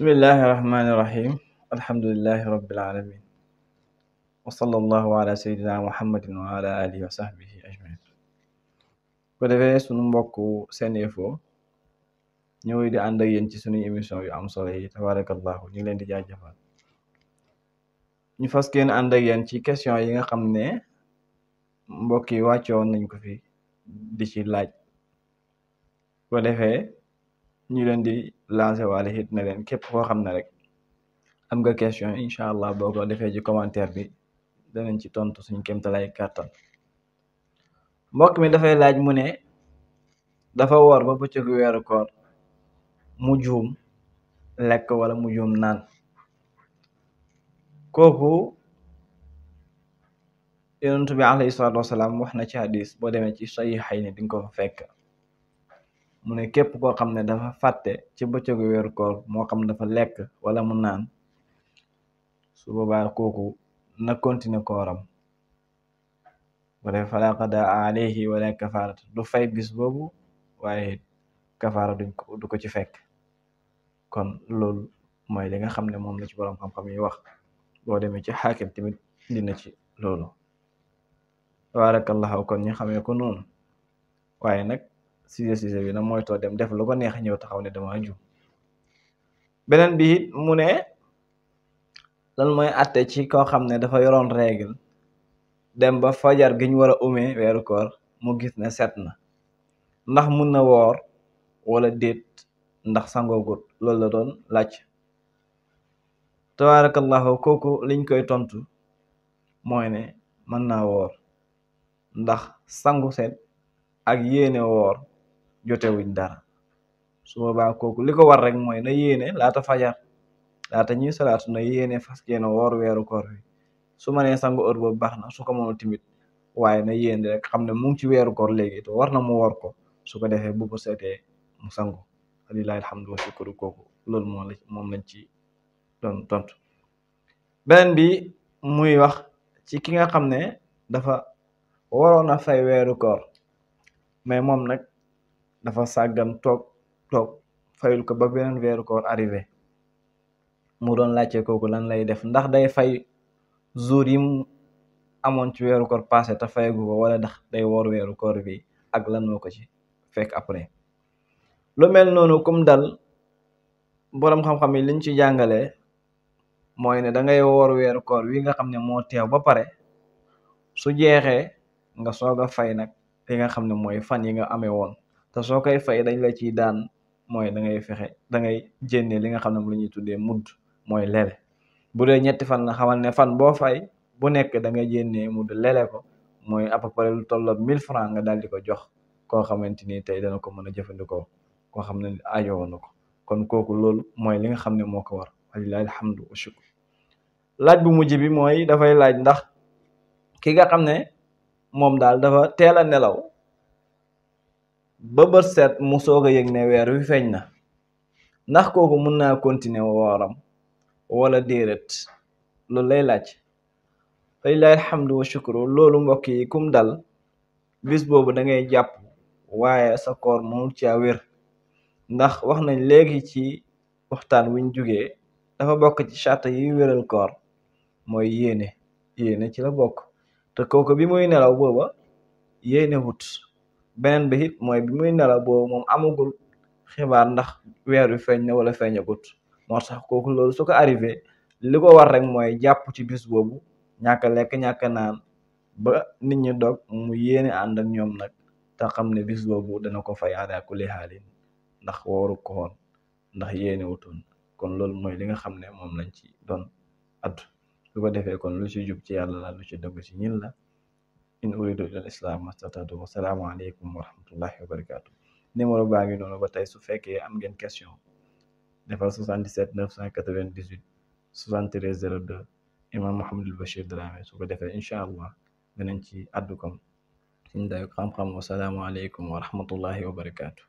bismillahi irahmani irahim alhamdulilahi rabilalamin wasala allahu ala seydina muhammadin wa ala alihi wa sahbihi ajmain ko sunu mbokk Seneinfo ñëw di ànd ak yéen ci sunuy émission yu am solo yi tabarakallahu ñu ngi leen di jaajëfal ñu fas yéen ànd ak ci question yi nga xam ne mbokk yi wàccoon nañ ko fi di ci laaj ko defee lancé waale it ne leen képp koo xam ne rek am nga question incha allah boo ko defee ci commentaire bi danañ ci tontu suñ kéemtalaay kàttan mbokk mi dafay laaj mu ne dafa woor ba bëccëgu weeru koor mu juum lekk wala mu juum naan kooku yonent bi alayhi salaatu wasalaam wax na ci hadis boo demee ci sahihayn di nga ko fa fekk mu ne képp koo xam ne dafa fàtte ci bëcëgu weeru koor moo xam dafa lekk wala mu naan su boobaa kooku na continuer kooram bu def falaa qadaa alayhi wala du fay bis boobu waaye kafaara duñ ko du ko ci fekk kon loolu mooy li nga xam ne moom la ci borom xam-xam yi wax boo demee ci xaakim tamit dina ci loolu tabaarakallahu kon ñu xamee ko noonu waaye nag Cissé Cissé bi na mooy too dem def lu ko ñëw taxaw ne dama jub beneen bi mu ne lan mooy atte ci koo xam ne dafa yoroon règle dem ba fajar gi ñu war a umee weeru koor mu gis ne set na ndax mun na woor wala déet ndax sangoogut loolu la doon laaj tabaarakallahu kooku liñ koy tontu mooy ne mën naa woor ndax sangu set ak yéene woor jotewuñ dara su boobaa kooku li ko war rek mooy na yéene laata fajar laata ñuy salaatu na yéene fas yéene woor weeru koor su ma nee sangu heure baax na su ko mënul timit waaye na yéene rek xam ne mu ci weeru koor léegi te war na mu woor ko su ko defee bu ko seetee mu sangu walilahi alhamdu wa shukru kooku loolu moo la moom lañ ci doon tontu beneen bi muy wax ci ki nga xam ne dafa waroon a fay weeru koor mais moom dafa saggan toog toog fayul ko ba beneen weeru koor arrivé mu doon laajte kooku lan lay def ndax day fay jour yi amoon ci weeru koor ta te fayagu wala ndax day woor weeru koor bi ak lan ko ci fekk après lu mel noonu comme dal boroom xam-xam yi liñ ci jàngalee mooy ne da ngay woor weeru koor wi nga xam ne moo teew ba pare su jeexee nga soog a fay nag li nga xam ne mooy fan yi nga amee woon te soo koy fay dañ la ci daan mooy da ngay fexe da ngay jénne li nga xam ne moo la ñuy tuddee mudd mooy lele bu dee ñetti fan la xamal ne fan boo fay bu nekk da ngay jénnee mudd lele ko mooy à peu près lu tolloog mille francs nga daal di ko jox koo xamante ni tey dana ko mën a jëfandikoo koo xam ne ajowoo na ko kon kooku loolu mooy li nga xam ne moo ko war walilahi alhamdu wa shukr laaj bu mujj bi mooy dafay laaj ndax ki nga xam ne moom daal dafa teel a nelaw ba bët set mu soog a yëg ne weer wi feeñ na ndax kooku mun na continuer wooram wala déedéet loolu lay laaj walilahi alhamdu wa shukru loolu mbokk yi kum dal bis boobu dangay jàpp waaye sa koor mënul caa wér ndax wax nañ léegi ci waxtaan wiñ jugee dafa bokk ci charte yi wéral koor mooy yéene yéene ci la bokk te kooku bi muy nelaw booba yéene wut beneen bi it mooy bi muy nelaw boobu moom amagul xibaar ndax weer wi feeñ na wala feeñagut moo tax kooku loolu su ko arrivé li ko war rek mooy jàpp ci bis boobu ñàkk lekk ñàkk naan ba nit ñi dog mu yéene ànd ak ñoom nag te xam ne bis boobu dana ko fay ala kulli xaalin ndax wooru ko ndax yéene wutoon kon loolu mooy li nga xam ne moom lañ ci doon addu su ko defee kon lu ci jub ci yàlla la lu ci dëgg ci ñin la in uridu ilal islam mastatatu wasalaamu aleykum wa rahmatullahi wa barakatu numéro baa ngi noonu ba tey su fekkee am gen question defal 77 998 73 02 imam Mouhamadul Bachir Dramé su ko defee incha allah danañ ci àddu kam suñ dayu xam-xam wasalaamu aleykum wa rahmatullahi wa barakatu